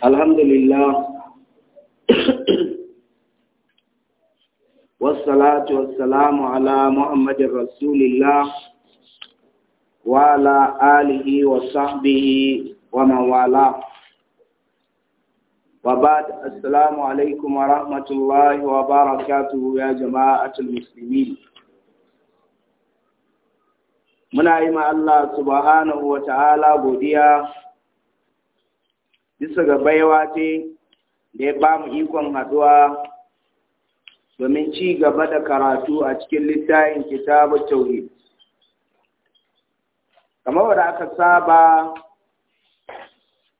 Alhamdulillah, wassalatu wassalamu ala Muhammadin Rasulillah, wa ala wa sahbihi wa mawala. Wa assalamu alaikum wa rahmatullahi wa barakatuhu ya jama’atul musulmi. Muna yi ma Allah, subhanahu wa ta’ala, godiya, bisa ga baiwa ce da ya ba mu ikon haɗuwa domin ci gaba da karatu a cikin littafin kitabu tauri. kamar wadda aka saba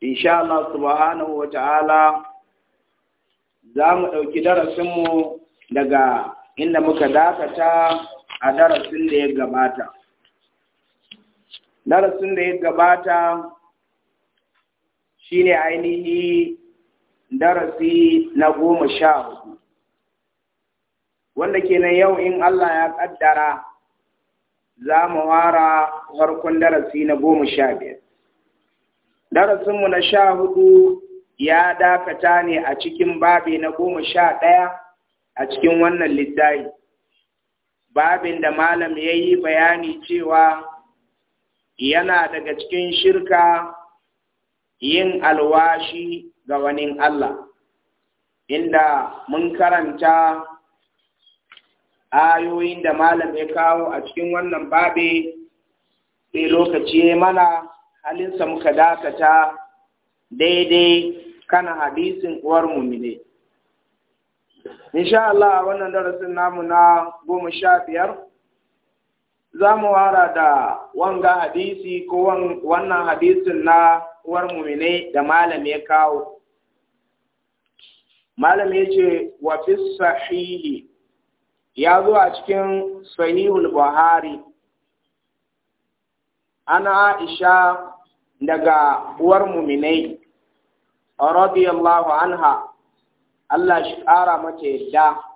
insha Allah subhanahu wa ta'ala za mu ɗauki darasinmu daga inda muka dakata a darasin da ya gabata darasin da ya gabata shine ainihi darasi na goma sha hudu wanda kenan yau in Allah ya kaddara za mu wara farkon darasi na goma sha biyar darasinmu na sha hudu ya dakata ne a cikin babi na goma sha ɗaya a cikin wannan littafi babin da malam ya yi bayani cewa yana daga cikin shirka yin alwashi ga wani Allah inda mun karanta ayoyin da malam ya kawo a cikin wannan babe sai lokaci mana halinsa muka dakata daidai kana hadisin uwar mumine. Insha Allah wannan darasin namu na goma sha biyar za mu wara da wanga hadisi ko wannan hadisin na uwar mumine da malam ya kawo malam ya ce wa sahihi ya zo a cikin sahihul buhari ana aisha daga uwar muminai radiyallahu anha Allah shi ƙara mata yadda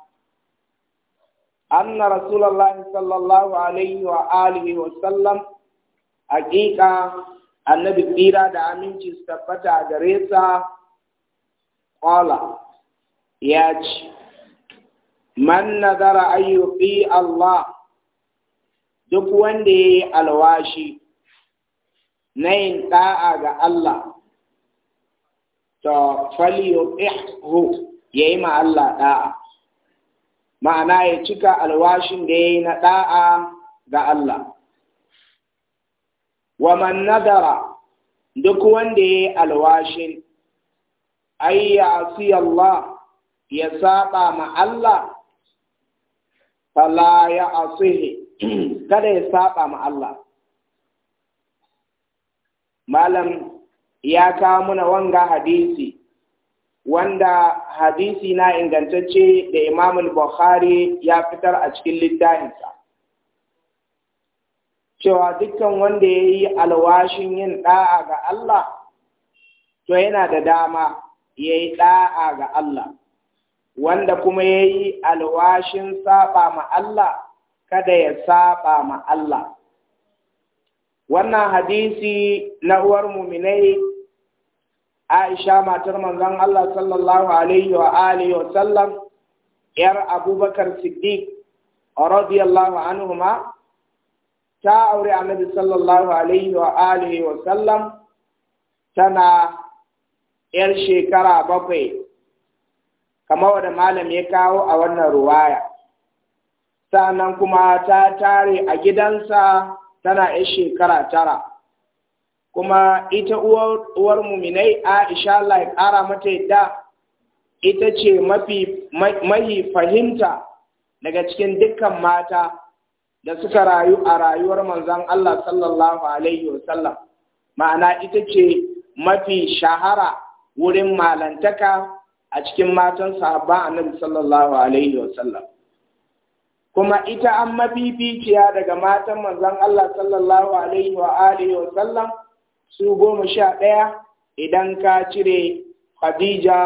أن رسول الله صلى الله عليه وآله وسلم حقيقة annabi tsira da aminci su tabbata a gare sa ƙwala ya ji. man nazara ayyuki Allah duk wanda ya yi alwashi na yin ɗa'a ga Allah to faliyo ya yi ma Allah ɗa'a ma'ana ya cika alwashin da ya yi na ɗa'a ga Allah. Wa man nadara duk wanda ya yi alwashin, ai ya fi Allah ya saba ma Allah, fala ya asihi, kada ya saba ma Allah. Malam ya kawo muna wanga hadisi wanda hadisi na ingantacce da Imam Bukhari ya fitar a cikin littafinsa cewa dukkan wanda ya yi alwashin yin ɗa'a ga Allah to yana da dama ya yi ɗa'a ga Allah wanda kuma ya yi alwashin saba ma Allah kada ya saba ma Allah wannan hadisi na uwar muminai Aisha matar manzon Allah sallallahu alaihi wa alihi wa sallam yar Abubakar Siddiq radiyallahu anhuma ta aure Annabi sallallahu alaihi wa alihi wa sallam tana yar shekara bakwai kamar wanda malam ya kawo a wannan ruwaya sannan kuma ta tare a gidansa tana yar shekara tara kuma ita uwar muminai Aisha Allah ya ƙara mata yadda ita ce mafi mahi fahimta daga cikin dukkan mata da suka rayu a rayuwar manzon Allah sallallahu alaihi wasallam ma'ana ita ce mafi shahara wurin malantaka a cikin matan sahabban annabi sallallahu alaihi wasallam kuma ita an mafificiya daga matan manzon Allah sallallahu alaihi wa alihi wasallam su goma sha ɗaya idan ka cire Khadija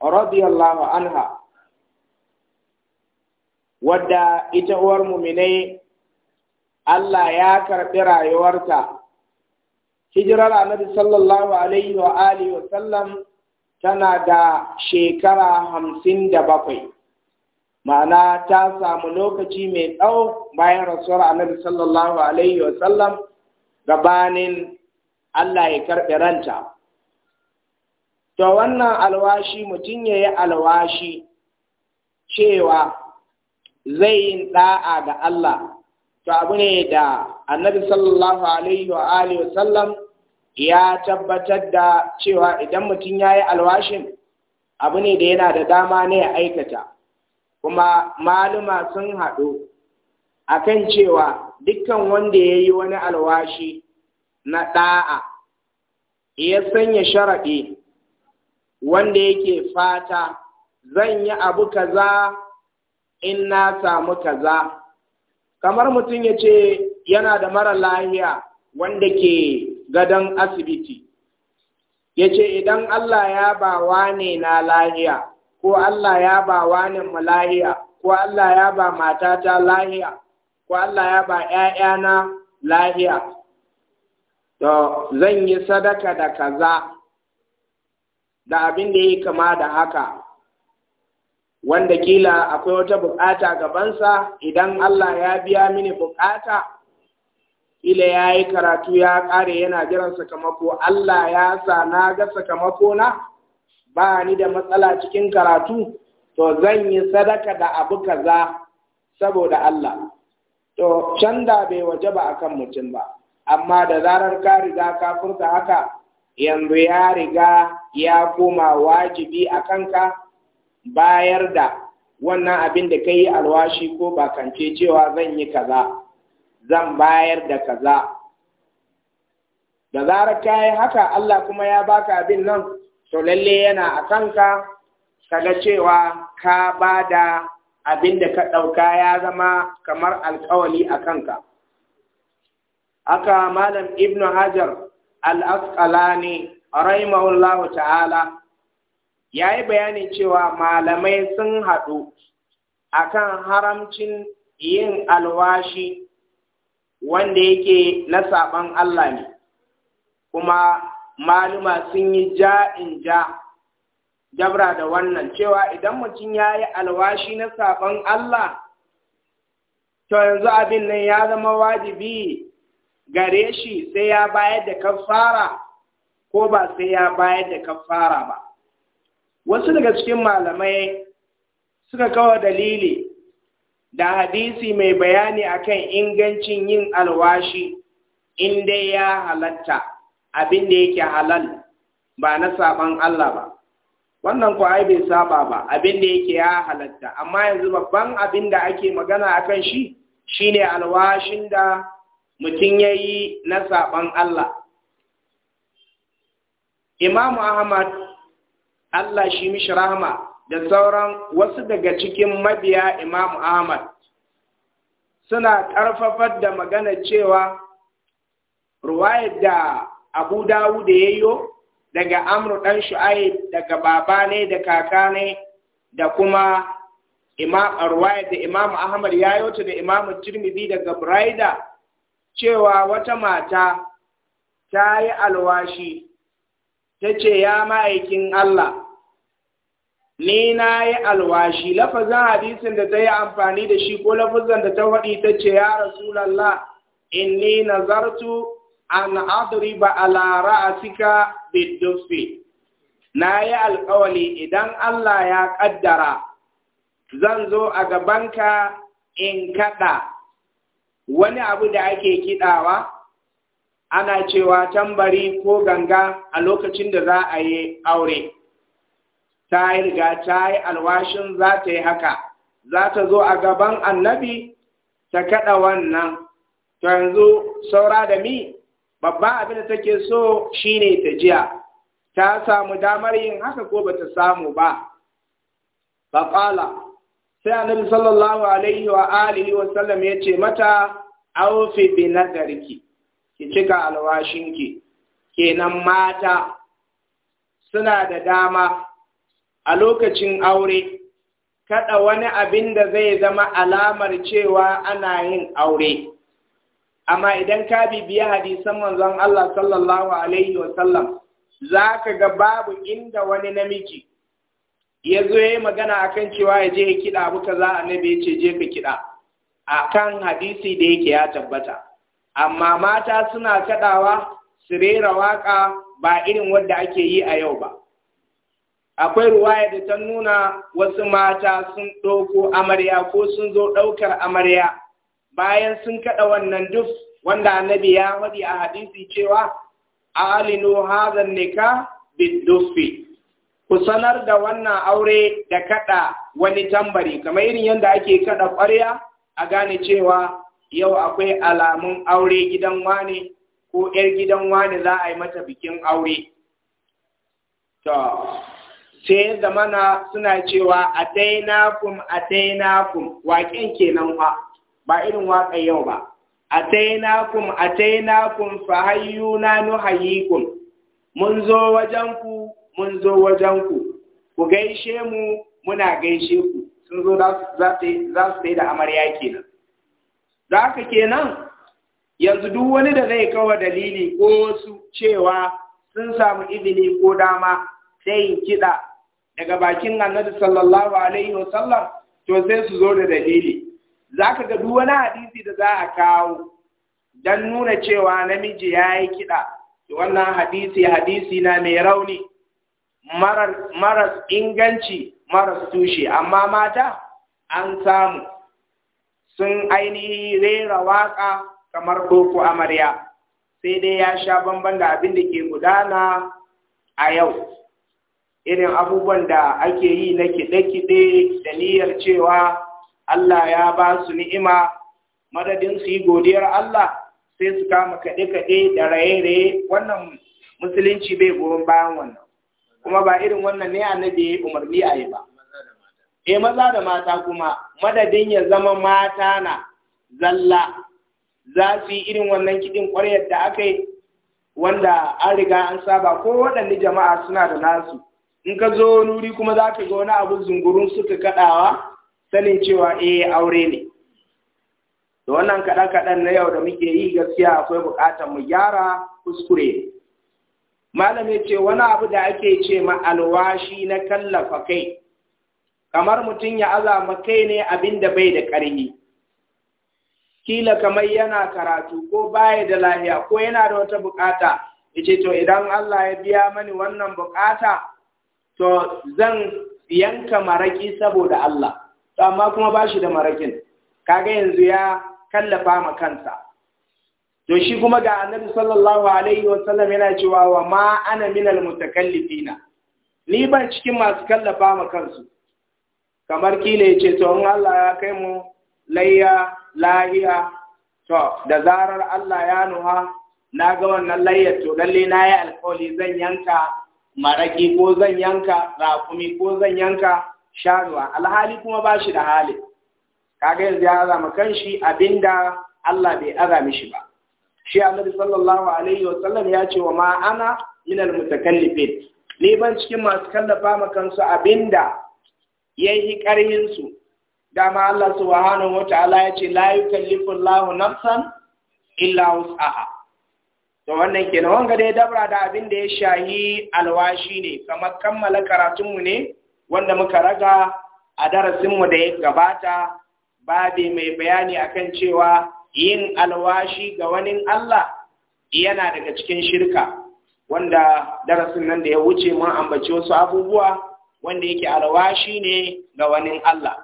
radiyallahu anha wadda ita uwar muminai Allah ya karɓi rayuwarta hijirar annabi sallallahu alaihi wa alihi wa sallam tana da shekara hamsin da bakwai ma'ana ta samu lokaci mai tsawo bayan rasuwar annabi sallallahu alaihi wa sallam gabanin Allah ya karɓi ranta. To wannan alwashi mutum ya yi alwashi cewa zai yi ɗa'a ga Allah, to abu ne da annabi sallallahu Alaihi wa sallam ya tabbatar da cewa idan mutum ya yi alwashin abu ne da yana da dama ne ya aikata, kuma maluma sun haɗu a kan cewa dukkan wanda ya yi wani alwashi na ɗa'a ya sanya sharaɗe wanda yake fata zan yi abu kaza in na samu kaza kamar mutum ya ce yana da mara lahiya wanda ke gadon asibiti ya ce idan Allah ya ba wane na lahiya ko Allah ya ba wane mu lahiya ko Allah ya ba matata lahiya ko Allah ya ba ‘ya'yana lahiya to zan yi sadaka da kaza da abin da ya kama da haka wanda kila akwai wata bukata gabansa idan Allah ya biya mini bukata kila ya yi karatu ya kare yana jiran sakamako Allah ya sa na ga sakamako na ba ni da matsala cikin karatu to zan yi sadaka da abu kaza saboda Allah to canda bai waje ba akan mutum ba amma da zarar ka riga ka furta haka yanzu ya riga ya koma wajibi a kanka bayar da wannan abin da ka yi alwashi ko ba kance cewa zan yi kaza zan bayar da kaza da zarar ka yi haka Allah kuma ya baka abin nan to lalle yana a kanka kaga cewa ka bada abin da ka ɗauka ya zama kamar alkawali a kanka aka malam ibnu hajar al-asqalani rahimahullahu ta'ala yayi bayanin cewa malamai sun haɗu akan haramcin yin alwashi wanda yake na saban Allah ne kuma maluma sun yi ja'in ja dabra da wannan cewa idan mutum ya yi alwashi na saban Allah to yanzu abin nan ya zama wajibi gare shi sai ya bayar da kafara ko ba sai ya bayar da kafara ba wasu daga cikin malamai suka kawo dalili da hadisi mai bayani akan ingancin yin alwashi in ya halatta abin da yake halal ba na saban Allah ba wannan ko ai bai saba ba abin da yake ya halatta amma yanzu babban abin da ake magana akan shi shine alwashin da mutum ya yi na saɓon Allah. Imam Ahmad, Allah shi mishi rahama da sauran wasu daga cikin mabiya Imam Ahmad suna ƙarfafar da magana cewa ruwayar da Abu Dawud da yayyo daga Amru ɗan Shu'aib daga baba ne da kaka ne da kuma da Imam Ahmad ya yota da Imam Tirmidhi daga Braida cewa wata mata ta yi alwashi ta ce ya ma'aikin Allah ni na yi alwashi lafazin hadisin da ta yi amfani da shi ko lafazin da ta waɗi ta ce ya rasulallah ni nazartu an ba adriba a ra'asika bidufi na yi alkawali idan Allah ya ƙaddara zan zo a gabanka in kaɗa wani abu da ake kiɗawa ana cewa tambari ko ganga a lokacin da za a yi aure ta yi riga ta yi alwashin za ta yi haka za ta zo a gaban annabi ta kaɗa wannan to yanzu saura da mi babban abin da take so shine ta jiya ta samu damar yin haka ko ba ta samu ba faƙala sai annabi sallallahu alaihi wa alihi wa sallam ya ce mata aufi bi nazarki ki cika alwashinki kenan mata suna da dama a lokacin aure kada wani abin da zai zama alamar cewa ana yin aure amma idan ka bibiya hadisan manzon Allah sallallahu alaihi wa sallam zaka ga babu inda wani namiji ya zo ya yi magana a kan cewa ya je ya kiɗa abu kaza annabi ya ce je ka kiɗa kan hadisi da yake ya tabbata amma mata suna kaɗawa su rera waƙa ba irin wadda ake yi a yau ba akwai ruwaya da ta nuna wasu mata sun ɗauko amarya ko sun zo ɗaukar amarya bayan sun kaɗa wannan duk wanda annabi ya faɗi a hadisi cewa alinu hadha nikah bin dufi ku sanar da wannan aure da kada wani tambari kamar irin yadda ake kada ƙwarya a gane cewa yau akwai alamun aure gidan wane ko 'yar gidan wane za a yi mata bikin aure to sai zamana suna cewa a kum a kum waƙin kenan fa ba irin waƙa yau ba a kum a kum fa hayyuna nuhayikum mun zo wajen ku mun zo wajen ku ku gaishe mu muna gaishe ku sun zo za su yi da amarya kenan da haka kenan yanzu duk wani da zai kawo dalili ko wasu cewa sun samu izini ko dama sai yin kiɗa daga bakin annabi sallallahu alaihi wasallam to sai su zo da dalili za ka ga duk wani hadisi da za a kawo don nuna cewa namiji ya yi kiɗa wannan hadisi hadisi na mai rauni maras inganci maras tushe amma mata an samu sun ainihi rera waka kamar koko amarya sai dai ya sha bamban da abin da ke gudana a yau irin abubuwan da ake yi na kiɗe-kiɗe da niyyar cewa Allah ya ba su ni'ima madadin su yi godiyar Allah sai su kama kaɗe-kaɗe da raye-raye wannan musulunci bai goyon bayan wannan kuma ba irin wannan ne annabi ya umarni a yi ba E, maza da mata kuma madadin ya zama mata na zalla za su yi irin wannan kiɗin ƙwaryar da aka yi wanda an riga an saba ko waɗanne jama'a suna da nasu in ka zo nuri kuma za ka ga wani abu zungurun suka kaɗawa sanin cewa eh aure ne da wannan kaɗan-kaɗan na yau da muke yi gaskiya akwai buƙatar mu gyara kuskure malam ya ce wani abu da ake ce ma alwashi na kallafa kai kamar mutum ya azama kai ne abin da bai da ƙarfi kila kamar yana karatu ko baya da lahiya ko yana da wata bukata ya to idan Allah ya biya mani wannan bukata to zan yanka maraki saboda Allah to amma kuma ba shi da marakin kaga yanzu ya kallafa ma kansa to shi kuma ga annabi sallallahu alaihi wasallam yana cewa wa ma ana minal mutakallifina ni ban cikin masu kallafa ma kansu kamar kila yace to in Allah ya kai mu layya lahiya to da zarar Allah ya nuha na ga wannan layyar to lalle na yi alkawari zan yanka maraki ko zan yanka rakumi ko zan yanka sharuwa alhali kuma ba shi da hali kaga yanzu ya zama kanshi abinda Allah bai azami shi ba shi annabi sallallahu alaihi wa sallam ya ce wa ma ana min al ni ban cikin masu kallafa ma kansu abinda yayi karhin su dama Allah subhanahu wa ta'ala ya ce la yukallifu Allahu nafsan illa wus'aha to wannan kenan wanga dai dabra da abin da ya shahi alwashi ne kamar kammala karatunmu ne wanda muka raga a darasin mu da ya gabata babi mai bayani akan cewa yin alwashi ga wani Allah yana daga cikin shirka wanda darasin nan da ya wuce mun ambaci wasu abubuwa wanda yake alwashi ne ga wani Allah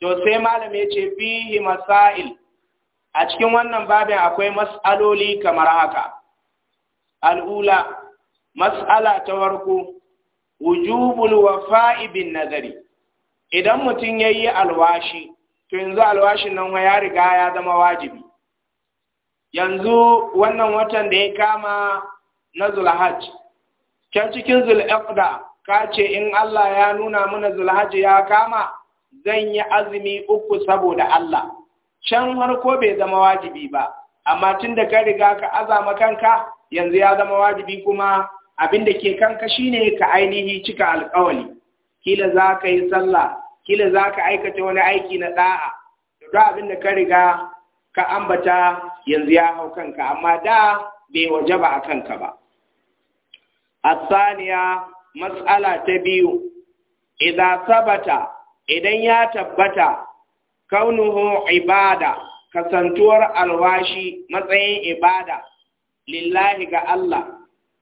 to sai malami ya ce fihi masail a cikin wannan babin akwai mas'aloli kamar haka al'ula mas'ala ta farko wujubul wafa'i bin nazari idan mutum yayi alwashi to yanzu alwashin nan ya riga ya zama wajibi yanzu wannan watan da ya kama na zulhaj can cikin zulhaqda ka ce in Allah ya nuna mana zulhaj ya kama zan yi azumi uku saboda Allah can harko bai zama wajibi ba amma tun da ka riga ka azama kanka yanzu ya zama wajibi kuma abin da ke kanka shine ka ainihi cika alƙawali kila za ka yi sallah kila za ka aikata wani aiki na da'a duk abin da ka riga ka ambata yanzu ya hau kanka amma da bai waje ba a kanka ba A saniya matsala ta biyu idan sabata idan ya tabbata kaunuhu ibada kasantuwar alwashi matsayin ibada lillahi ga Allah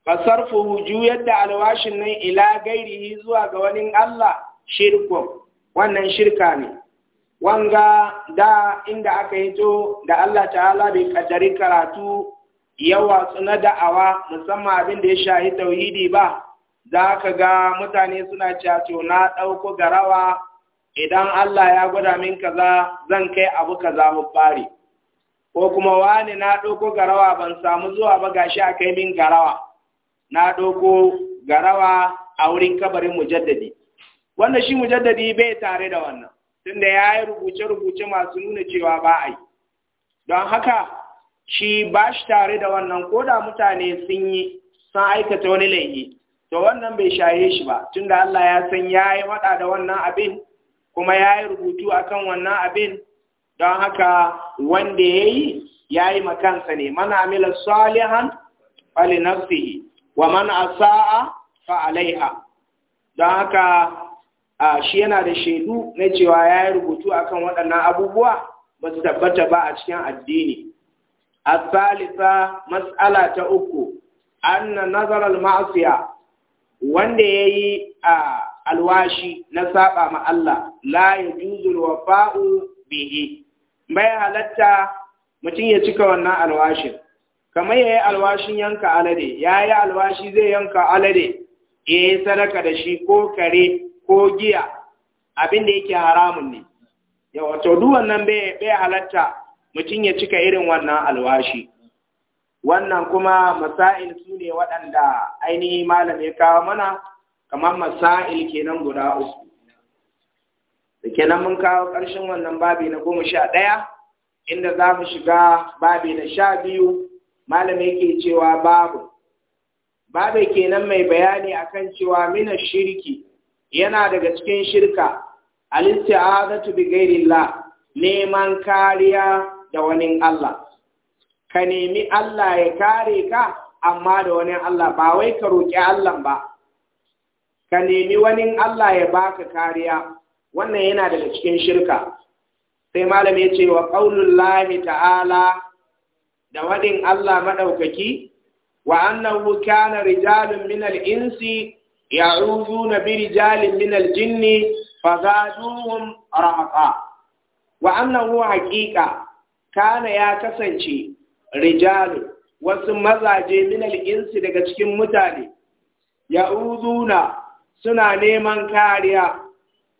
fasarfuhu juyar da alwashin nan ila gairihi zuwa ga wani Allah shirkun wannan shirka ne wanga da inda aka yi to da Allah ta'ala bai kaddari karatu yawa suna da'awa musamman abin da ya shahi tauhidi ba za ka ga mutane suna cato na ɗauko garawa idan Allah ya gwada min kaza zan kai abu kaza mu fari ko kuma wani na ɗauko garawa ban samu zuwa ba gashi a kai min garawa na ɗauko garawa a wurin kabarin mujaddadi wannan shi mujaddadi bai tare da wannan tunda ya yi rubuce-rubuce masu nuna cewa ba a yi don haka shi ba shi tare da wannan ko da mutane sun yi sun aikata wani laifi to wannan bai shaye shi ba tunda Allah ya san ya yi maɗa da wannan abin kuma ya yi rubutu akan wannan abin don haka wanda ya yi ya yi makansa ne mana amila salihan fali wa mana asa'a fa alaiha don haka a shi yana da shaidu na cewa ya yi rubutu a kan waɗannan abubuwa ba su tabbata ba a cikin addini A Salisa, matsala ta uku an nazarar nazarar ma'asiya wanda yi a alwashi na saba ma Allah la wa fa’u bihi bai halatta mutum ya cika wannan alwashin kamar ya yi alwashin yanka alade ya yi alwashi zai yanka alade ya yi sadaka da shi ko kare ko giya abin da yake haramun ne yawa to duk wannan bai bai halatta mutum ya cika irin wannan alwashi wannan kuma masail su ne waɗanda ainihi malam ya kawo mana kamar masail kenan guda uku kenan mun kawo ƙarshen wannan babi na goma sha ɗaya inda za mu shiga babi na sha biyu malam yake cewa babu babu kenan mai bayani akan cewa mina shirki yana daga cikin shirka al-isti'azatu bi neman kariya da wani Allah ka nemi Allah ya kare ka amma da wani Allah ba wai ka roƙi Allah ba ka nemi wani Allah ya baka kariya wannan yana daga cikin shirka sai malam yace wa qaulullahi ta'ala da wadin Allah madaukaki wa annahu kana rijalun min insi Ya'uduna biri jalin minar jini ba za duhun rahafa. Wa annan uwa haƙiƙa, Kana ya kasance Rijalu wasu mazaje minar insi daga cikin mutane. Ya'uduna suna neman kariya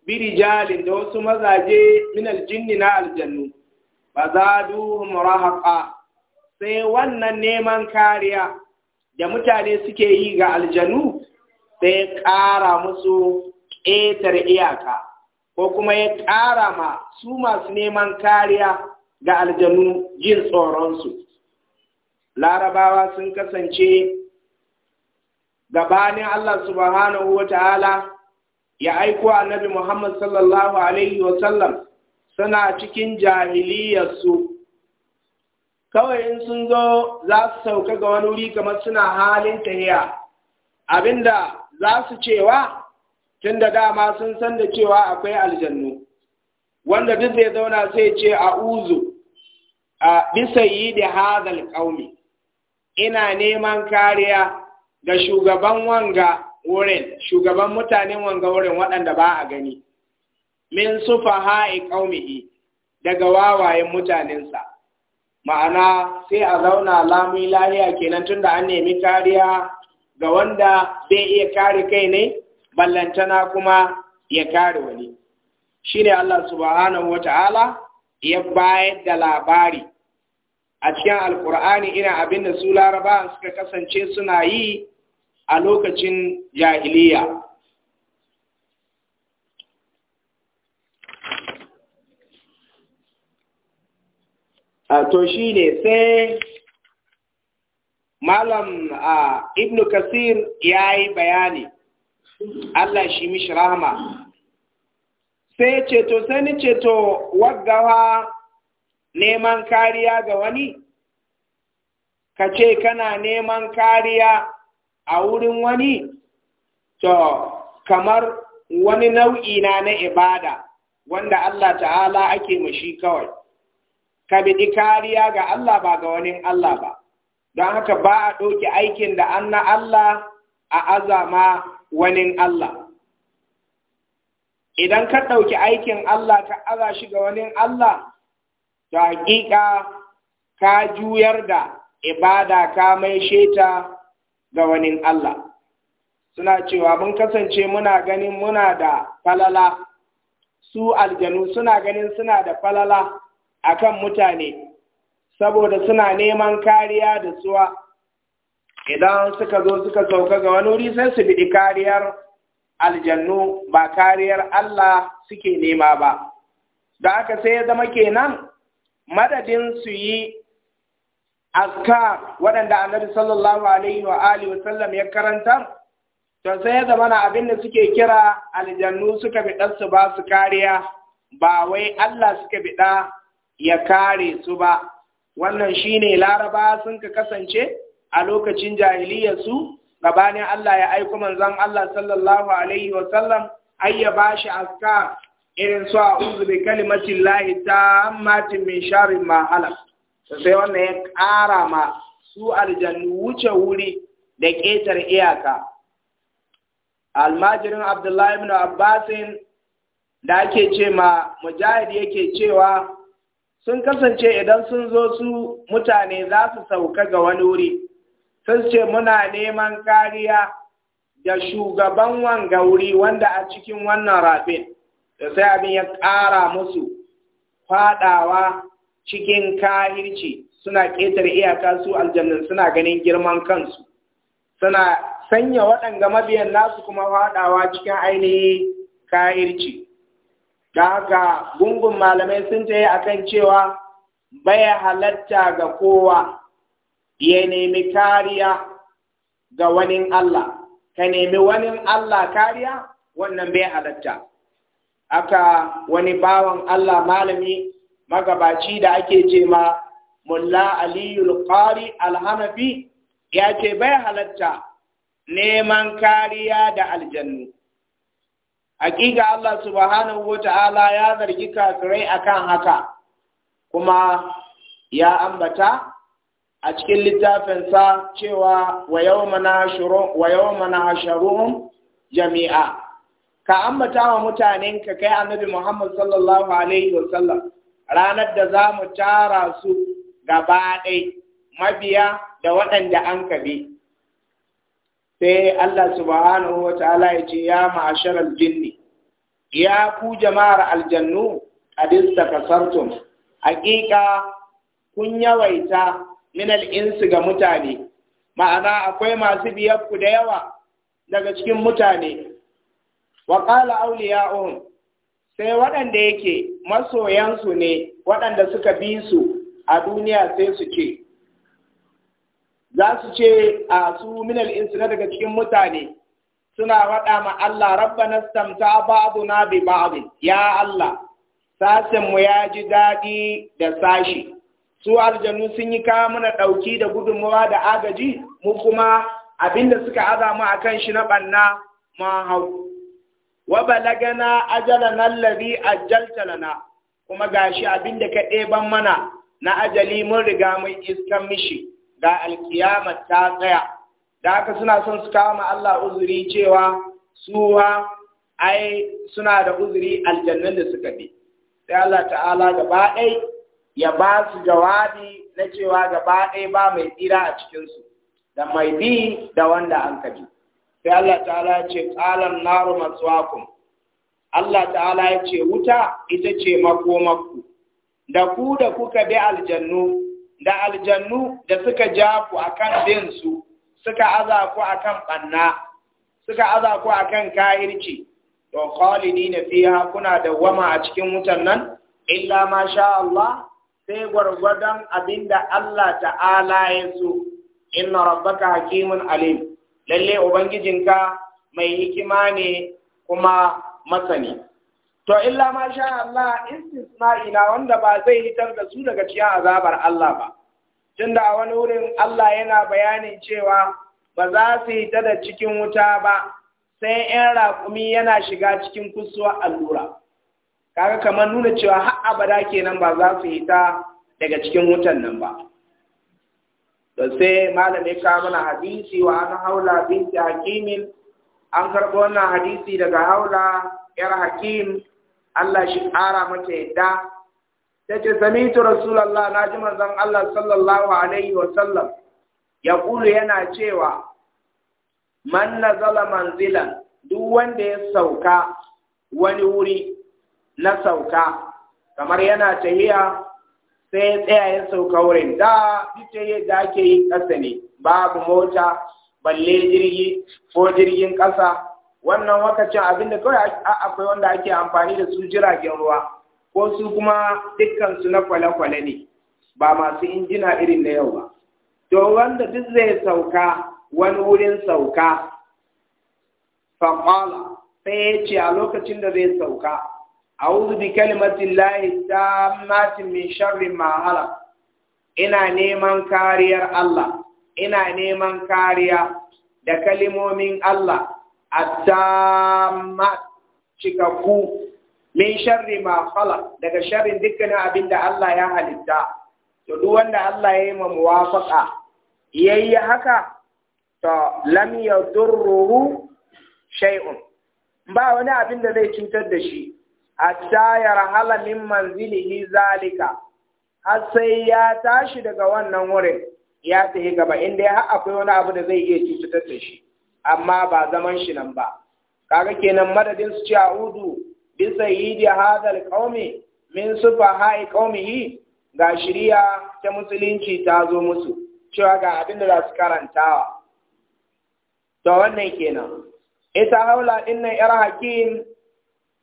biri jalin da wasu mazaje minar jini na aljanu. Ba za duhun rahafa, sai wannan neman kariya da mutane suke yi ga aljanu? sai ya ƙara musu ƙetar iyaka ko kuma ya ƙara ma su masu neman kariya ga aljanu yin tsoronsu larabawa sun kasance gabanin Allah subhanahu wa ta'ala ya aiko annabi Muhammad sallallahu Alaihi wasallam suna cikin jahiliyarsu kawai in sun zo za su sauka ga wani wuri kamar suna halin tahiya abinda za su cewa tun da dama sun san da cewa akwai aljannu wanda duk zai zauna sai ce a uzu a bisa yi da hadal ƙaumi ina neman kariya ga shugaban wanga wurin shugaban mutanen wanga wurin waɗanda ba a gani min sufa ha'i ƙaumi daga wawayen mutanensa ma'ana sai a zauna lamun lahiya kenan tunda an nemi kariya ga wanda bai iya kare kai ne ballantana kuma ya kare wani shi ne Allah subhanahu wa ta'ala ya bayar da labari a cikin alkur'ani irin abin da su laraba suka kasance suna yi a lokacin jahiliya to shi ne sai malam ibn kasir ya yi bayani Allah shi mishi rahama sai ceto sai ni ceto waggawa neman kariya ga wani ka ce kana neman kariya a wurin wani to kamar wani nau'i na na ibada wanda Allah ta'ala ake mashi kawai ka biɗi kariya ga Allah ba ga wani Allah ba don haka ba a ɗauki aikin da an na Allah a azama wani Allah. Idan ka ɗauki aikin Allah ka aza shi ga wani Allah, to hakika ka juyar da ibada ka mai sheta ga wani Allah. Suna cewa mun kasance muna ganin muna da falala, su aljanu suna ganin suna da falala akan mutane. saboda suna neman kariya da suwa idan suka zo suka sauka ga wani wuri sai su bi kariyar aljannu ba kariyar Allah suke nema ba da aka sai ya zama kenan madadin su yi aska waɗanda annabi sallallahu alaihi wa alihi wa sallam ya karanta to sai ya zama abin da suke kira aljannu suka bi su ba su kariya ba wai Allah suka bi ya kare su ba wannan shine laraba sun ka kasance a lokacin jahiliyarsu gabanin Allah ya aiko manzon Allah sallallahu alaihi wa sallam ba ya bashi askar irin su a uzu bi layi ta matin min sharin ma sai wannan ya ƙara ma su aljannu wuce wuri da ƙetar iyaka almajirin abdullahi ibn abbasin da ake ce ma mujahid yake cewa sun kasance idan sun zo su mutane za su sauka ga wani wuri sun ce muna neman kariya da shugaban wanga wuri wanda a cikin wannan rafin da sai abin ya ƙara musu faɗawa cikin kahirci suna ƙetare iyaka su aljannin suna ganin girman kansu suna sanya waɗanga mabiyan nasu kuma faɗawa cikin ainihin kahirci da haka gungun malamai sun ta a kan cewa bai halatta ga kowa ya nemi kariya ga wani Allah ka nemi wani Allah kariya wannan bai halatta aka wani bawan Allah malami magabaci da ake ce ma mulla aliyul qari alhanafi ya ce bai halatta neman kariya da aljannu hakika Allah subhanahu Ta'ala ya zargi kafirai akan haka kuma ya ambata a cikin littafinsa cewa wa yawma nahshuruhum jami'a ka ambata wa mutanen ka kai annabi Muhammad sallallahu alaihi wasallam ranar da za mu tara su gaba mabiya da waɗanda an kabe sai Allah subhanahu wa ta'ala ya ce ya ma'ashar jinni ya ku jama'ar aljannu qadis takasartum haƙiƙa kun yawaita min al ga mutane ma'ana akwai masu biyar ku da yawa daga cikin mutane wa qala awliya'uhum sai waɗanda yake masoyansu ne waɗanda suka bi su a duniya sai su ce za su ce a su minal insina daga cikin mutane suna faɗa ma Allah "Rabba na stamta na bi ba'd ya Allah sasin mu ya ji daɗi da sashi su aljanu sun yi ka muna ɗauki da gudunmawa da agaji mu kuma abinda suka aza mu kan shi na ɓanna ma hau wa balagana ajalana lari ajjalta lana kuma gashi abinda ka ɗeban mana na ajali mun riga mun iskan mishi ga alkiyama ta tsaya da aka suna son su kama Allah uzuri cewa suwa ai suna da uzuri aljannan da suka bi sai Allah ta'ala gaba ɗai ya ba su jawabi na cewa gaba ɗai ba mai tsira a cikinsu da mai bi da wanda an kaji sai Allah ta'ala ya ce ƙalan naru maswaqum Allah ta'ala ya ce wuta ita ce makomakku da ku da kuka bi aljannu da aljannu da suka ja ku akan bin su suka aza ku akan banna suka aza ku akan kahirci to khalidina fiha kuna wama a cikin wutan nan illa ma sha Allah sai gwargwadon abinda Allah ta'ala ya so inna rabbaka hakimun alim lalle ubangijinka mai hikima ne kuma masani to illa ma sha Allah istisna'i na wanda ba zai hitar da su daga cikin azabar Allah ba tunda a wani wurin Allah yana bayanin cewa ba za su hita da cikin wuta ba sai yan raƙumi yana shiga cikin kusuwa allura kaga kamar nuna cewa har abada kenan ba za su hita daga cikin wutan nan ba to sai malami ya kawo mana hadisi wa an haula binti hakimin an karɓo wannan hadisi daga haula yar hakim Allah shi ƙara mata yadda ta ce samitu rasulallah na ji manzon Allah sallallahu alaihi wa ya ƙulu yana cewa man zala manzilan duk wanda ya sauka wani wuri na sauka kamar yana tahiya sai ya tsaya ya sauka wurin da duk yadda ake yi ƙasa ne babu mota balle jirgi ko jirgin ƙasa wannan wakacin abinda kawai akwai wanda ake amfani da su jiragen ruwa ko su kuma dukkansu na kwale-kwale ne ba masu injina irin na yau ba to wanda duk zai sauka wani wurin sauka faƙala sai ya ce a lokacin da zai sauka a'udhu bi kalimatin lahi tammatin min sharri ma ina neman kariyar Allah ina neman kariya da kalimomin Allah at-tammat cikakku min sharri ma khala daga sharrin dukkanin abinda Allah ya halitta to duk wanda Allah ya yi ma muwafaqa yayi haka to lam yadurru shay'un ba wani abin da zai cutar da shi hatta rahala min manzilihi zalika har sai ya tashi daga wannan wurin ya tafi gaba inda ya akwai wani abu da zai iya cutar da shi amma ba zaman shi nan ba kaga kenan madadin su ce a'udu bi sayyidi hadal qaumi min sufaha'i qaumihi ga shiriya ta musulunci ta zo musu cewa ga abin da za su karantawa to wannan kenan ita haula din nan yar hakim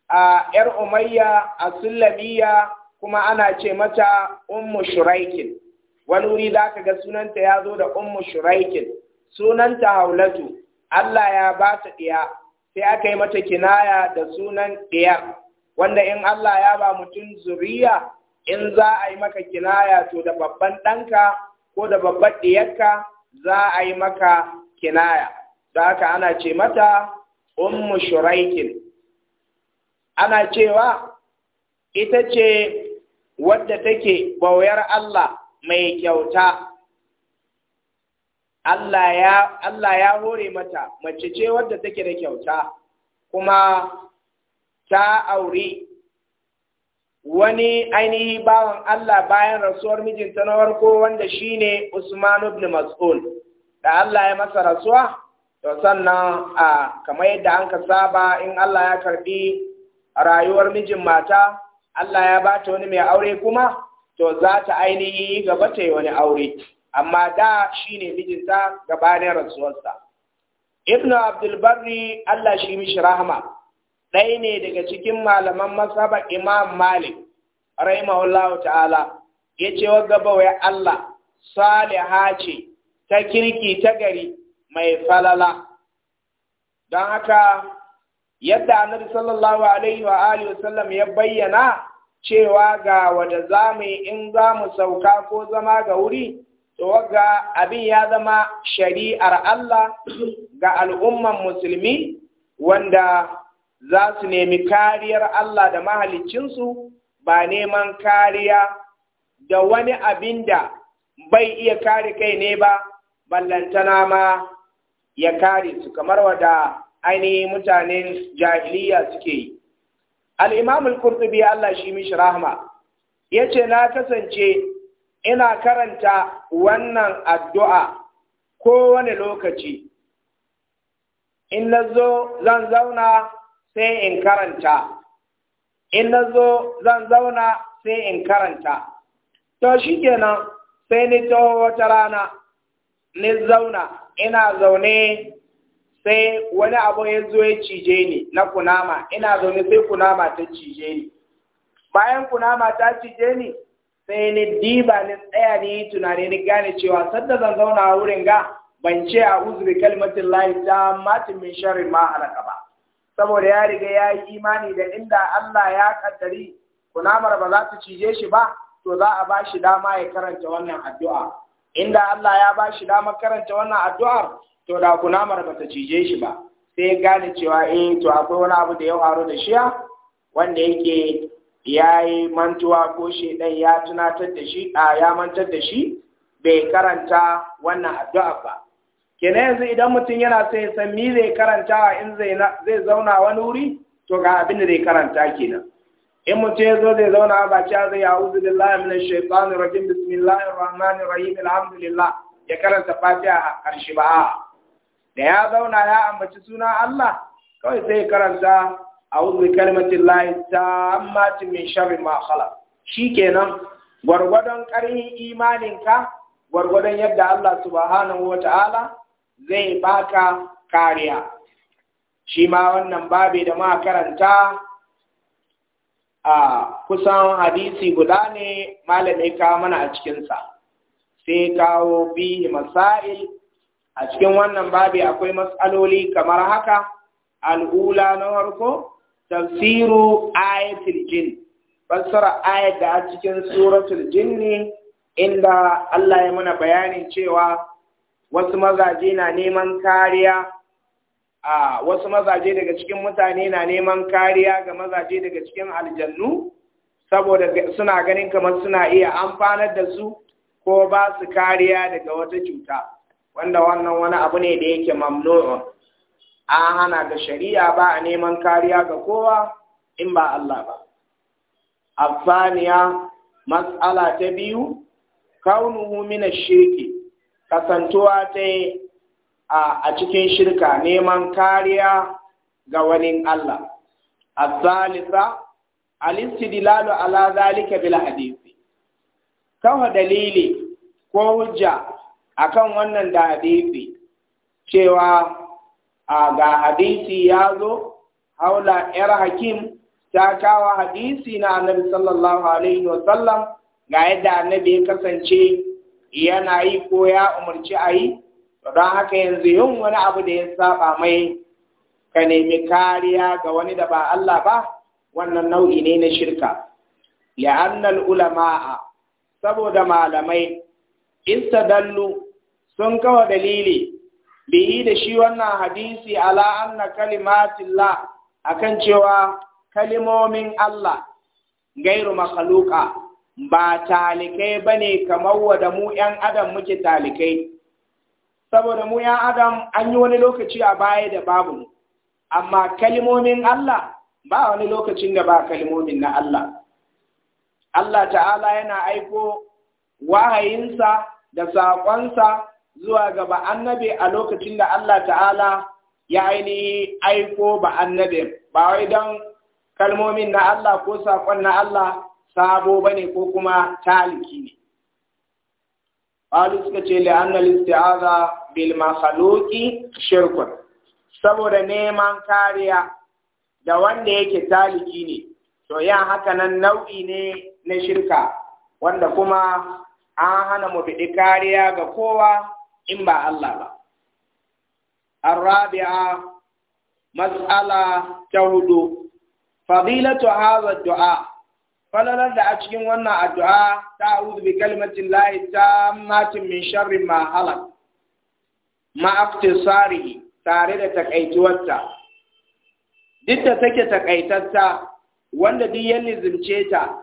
a yar umayya a sullamiya kuma ana ce mata ummu shuraikin wani wuri za ka ga sunanta ya zo da ummu shuraikin sunanta haulatu Allah ya ba ta ɗiya sai aka yi mata kinaya da sunan ɗiyar wanda in Allah ya ba mutum zuriya in za a yi maka kinaya to da babban ɗanka ko da babban ɗiyarka za a yi maka kinaya da haka ana ce mata ummu shuraikin ana cewa ita ce wadda take bauyar Allah mai kyauta Allah ya hore mata mace ce wadda take da kyauta kuma ta aure wani ainihi bawan Allah bayan rasuwar mijinta na farko wanda shi ne Usman ibn Mas'ud da Allah ya masa rasuwa to sannan a kamar yadda an ka saba in Allah ya karbi rayuwar mijin mata Allah ya bata wani mai aure kuma to za ta ainihi gaba ta yi wani aure amma da shi shine mijinta gabanin rasuwarsa ibnu abdulbarri Allah shi mishi rahama ɗaya ne daga cikin malaman masaba imam malik rahimahullahu ta'ala ya ce wa gaba Allah saliha ce ta kirki ta gari mai falala don haka yadda annabi sallallahu alaihi wa alihi wasallam ya bayyana cewa ga wadda za mu in za mu sauka ko zama ga wuri ga abin ya zama shari'ar Allah ga al'umman musulmi wanda za su nemi kariyar Allah da mahalicinsu ba neman kariya da wani abin da bai iya kare kai ne ba ballantana ma ya kare su kamar wada ainihin mutanen jahiliya suke yi. Al'imamul Kurtubi Allah shi mishi rahma ya ce na kasance ina karanta wannan addu'a kowane lokaci, in na zo zan zauna sai in karanta, in na zo zan zauna sai in karanta. To shi kenan sai ni taho wata rana, ni zauna, ina zaune sai wani abu ya zo ya cije ni na kunama, ina zaune sai kunama ta cije ni. Bayan kunama ta cije ni, sai ni diba ni tsaya ni tunani ni gane cewa sadda zan zauna a wurin ga ban ce a uzuri kalmatin layi ta matin min shari ma halaka ba saboda ya riga ya yi imani da inda Allah ya kaddari kunamar ba za ta cije shi ba to za a ba shi dama ya karanta wannan addu'a inda Allah ya ba shi dama karanta wannan addu'ar to da kunamar ba ta cije shi ba sai gane cewa eh to akwai wani abu da ya faru da shiya wanda yake ya yi mantuwa ko shaidan ya tunatar da shi a ya mantar da shi bai karanta wannan addu'a ba kenan yanzu idan mutum yana sai ya san mi zai karanta in zai zauna wani wuri to ga abin da zai karanta kenan in mutum ya zo zai zauna ba ci zai da billahi minash shaitanir rajim bismillahir rahmanir rahim alhamdulillah ya karanta fatiha a karshe ba da ya zauna ya ambaci suna Allah kawai sai karanta a'udhu bi kalimatillahi tammati min sharri ma khalaq shikenan gwargwadon karhin imaninka gwargwadon yadda Allah subhanahu wata'ala zai baka kariya shi ma wannan babi da ma karanta a kusan hadisi guda ne malami ka mana a cikinsa sai kawo bihi masail a cikin wannan babi akwai matsaloli kamar haka al'ula na farko tafsiru ayatul jin fassara ayat da a cikin suratul jin ne inda Allah ya mana bayanin cewa wasu mazaje na neman kariya a wasu mazaje daga cikin mutane na neman kariya ga mazaje daga cikin aljannu saboda suna ganin kamar suna iya amfanar da su ko ba su kariya daga wata cuta wanda wannan wani abu ne da yake mamnu'un an hana da shari'a ba a neman kariya ga kowa in ba Allah ba afaniya matsala ta biyu kaunuhu min shirki kasantuwa ta a cikin shirka neman kariya ga wani Allah asalisa alistidilalu ala zalika bil hadisi kawo dalili ko hujja akan wannan da hadisi cewa a ga hadisi ya zo haula yar hakim ta kawo hadisi na annabi sallallahu alaihi wasallam ga yadda annabi ya kasance yana yi ko ya umarci a yi don haka yanzu yin wani abu da ya saba mai ka nemi kariya ga wani da ba Allah ba wannan nau'i ne na shirka li'annal ulama'a saboda malamai istadallu sun kawo dalili bihi da shi wannan hadisi ala anna kalimatillah akan cewa kalimomin Allah gairu makhluqa ba talikai bane kamar wada mu ƴan adam muke talikai saboda mu ƴan adam an yi wani lokaci a baya da babu amma kalimomin Allah ba wani lokacin da ba kalimomin na Allah Allah ta'ala yana aiko wahayinsa da saƙonsa zuwa ga ba a lokacin da Allah ta'ala ya ainihi aiko ba ba wai don kalmomin na Allah ko sakon na Allah sabo ba ne ko kuma taliki ne. Ƙwalu suka ce la'annar isti'aza bil makhluqi shirkun saboda neman kariya da wanda yake taliki ne to ya haka nan nau'i ne na shirka wanda kuma an hana mu kariya ga kowa in ba Allah ba. Arabiya, matsala ta hudu, fadila ta haza du'a, falalar da a cikin wannan addu'a ta hudu bi kalmatin layi ta matin min sharri ma halak, ma tare da takaituwarta. Duk da take takaitarta wanda duk yalli zimce ta,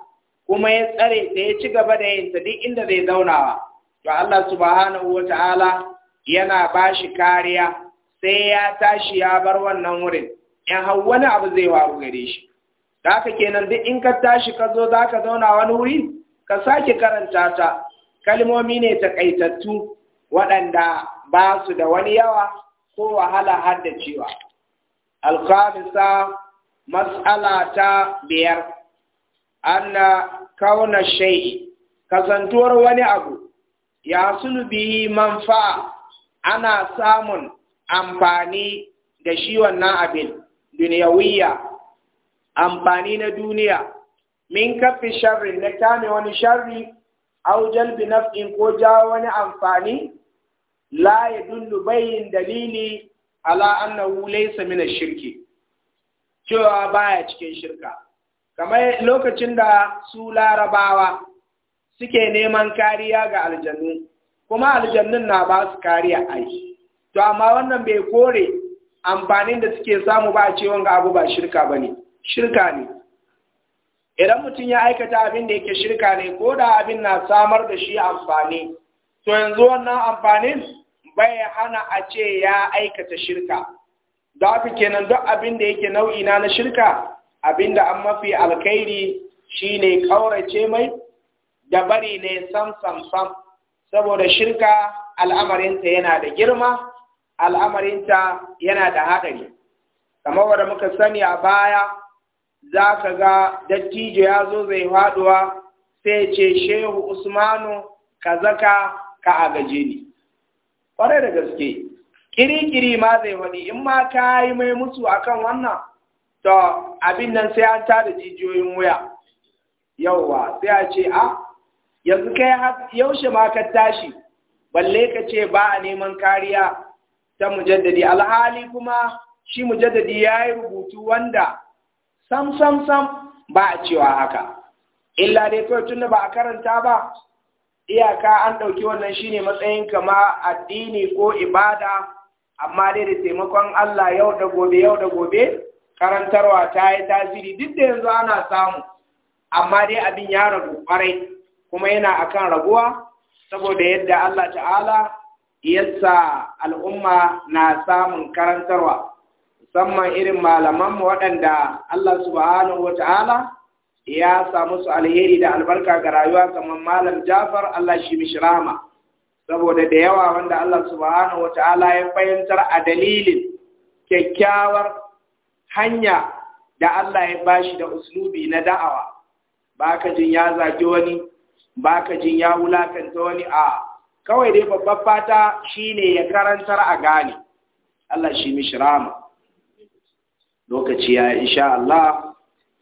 kuma ya tsare ta ya ci gaba da yin ta duk inda zai zaunawa. to Allah subhanahu wa yana ba shi kariya sai ya tashi ya bar wannan wurin in hau wani abu zai waru gare shi zaka haka kenan duk in ka tashi ka zo zaka zauna wani wuri ka sake karanta ta kalmomi ne takaitattu waɗanda ba su da wani yawa ko wahala haddacewa. alkhamisa matsala ta biyar, anna kauna shai'i, kasantuwar wani abu, ya sulu bihi manfa'a ana samun amfani da shi wannan abin duniyawiya amfani na duniya min kafi sharri na kame wani sharri aujal bi naf'in ko jawo wani amfani la ya dullu bayin dalili ala annahu laysa min ash-shirki cewa baya cikin shirka kamar lokacin da su larabawa suke neman kariya ga aljannu kuma aljannun na ba su kariya yi to amma wannan bai kore amfanin da suke samu ba a ce wanga abu ba shirka ba ne shirka ne idan mutum ya aikata abin da yake shirka ne ko da abin na samar da shi amfani to yanzu wannan amfanin bai hana a ce ya aikata shirka da haka kenan duk abin da yake nau'i na na shirka abin da an mafi alkhairi shine kaurace mai da bari ne sam sam sam saboda shirka al'amarinta yana da girma al'amarinta yana da haɗari kamar wanda muka sani a baya za ka ga dattijo ya zo zai faɗuwa sai ce shehu usmanu ka zaka ka agaje ni ƙwarai da gaske kiri-kiri ma zai faɗi in ma ka yi mai musu akan wannan to abin nan sai an tada jijiyoyin wuya yauwa sai a ce a ah, yanzu kai yaushe ma ka tashi balle ka ce ba a neman kariya ta mujaddadi alhali kuma shi mujaddadi ya yi rubutu wanda sam sam sam ba a cewa haka illa dai kawai tun da ba a karanta ba iyaka an ɗauki wannan shine matsayin kama addini ko ibada amma dai da taimakon Allah yau da gobe yau da gobe karantarwa ta yi tasiri duk da yanzu ana samu amma dai abin ya ragu kwarai kuma yana akan raguwa saboda yadda Allah ta'ala yasa al'umma na samun karantarwa musamman irin malamanmu waɗanda Allah subhanahu wa ta'ala ya samu su alheri da albarka ga rayuwa kamar malam Jafar Allah shi saboda da yawa wanda Allah subhanahu wa ta'ala ya fahimtar a dalilin kyakkyawar hanya da Allah ya bashi da uslubi na da'awa ba ka jin ya zagi wani ba ka jin ya wulakanta wani a kawai dai babban fata shine ya karantar a gane Allah shi mishi lokaci ya insha Allah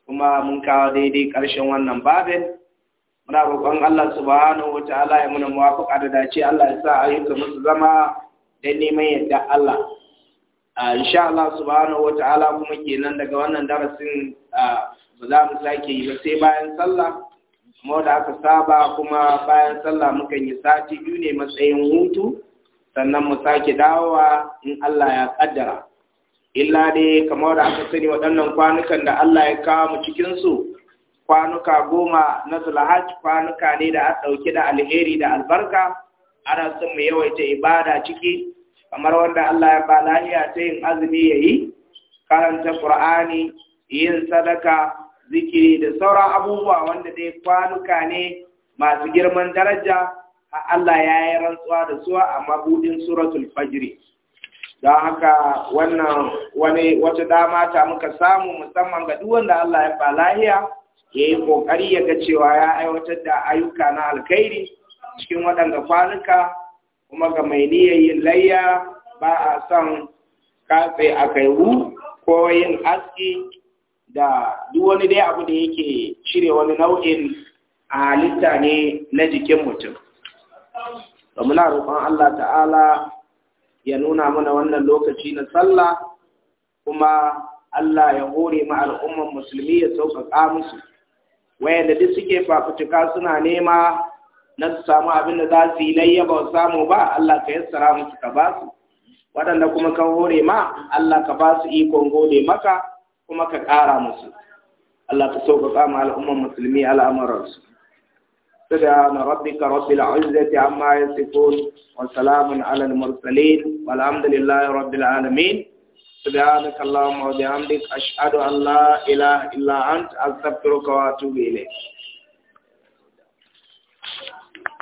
kuma mun kawo daidai ƙarshen wannan babin muna roƙon Allah subhanahu wataala ya muna muwafaqa da dace Allah ya sa ayyuka musu zama da neman yadda Allah insha Allah subhanahu wataala kuma kenan daga wannan darasin ba za mu sake yi ba sai bayan sallah kuma da aka saba kuma bayan sallah mukan yi sati biyu ne matsayin hutu sannan mu sake dawowa in Allah ya kaddara illa dai kamar da aka sani waɗannan kwanukan da Allah ya kawo mu cikin su kwanuka goma na zulhaj kwanuka ne da aka ɗauki da alheri da albarka ana son mu yawaita ibada ciki kamar wanda Allah ya ba lahiya ta yin azumi yayi karanta qur'ani yin sadaka zikiri da sauran abubuwa wanda dai kwanuka ne masu girman daraja a Allah ya yi rantsuwa da suwa a mabudin suratul fajiri don haka wannan wani wata dama ta muka samu musamman ga duwan da Allah ya ba lahiya ya yi kokari ya ga cewa ya aiwatar da ayyuka na alkhairi cikin waɗanda kwanuka kuma ga mai niyyar yin layya ba a son katse a kairu ko yin aski da duk wani dai abu da yake cire wani nau'in a halitta ne na jikin mutum da muna roƙon Allah ta'ala ya nuna mana wannan lokaci na sallah kuma Allah ya hore ma al'umman musulmi ya sauƙaƙa musu wayanda duk suke fafutuka suna nema na su samu abin da za su yi layya ba samu ba Allah ka yassara musu ka ba su waɗanda kuma ka hore ma Allah ka ba su ikon gode maka kuma ka ƙara musu Allah ta sauka kama al’umman musulmi al’amuransu su da na rabbika rabbil izzati amma ya sifon wa salamun ala al-mursalin wa alhamdulillahi rabbil alamin subhanak allahumma wa bihamdik ashhadu an la ilaha illa anta astaghfiruka wa atubu ilayk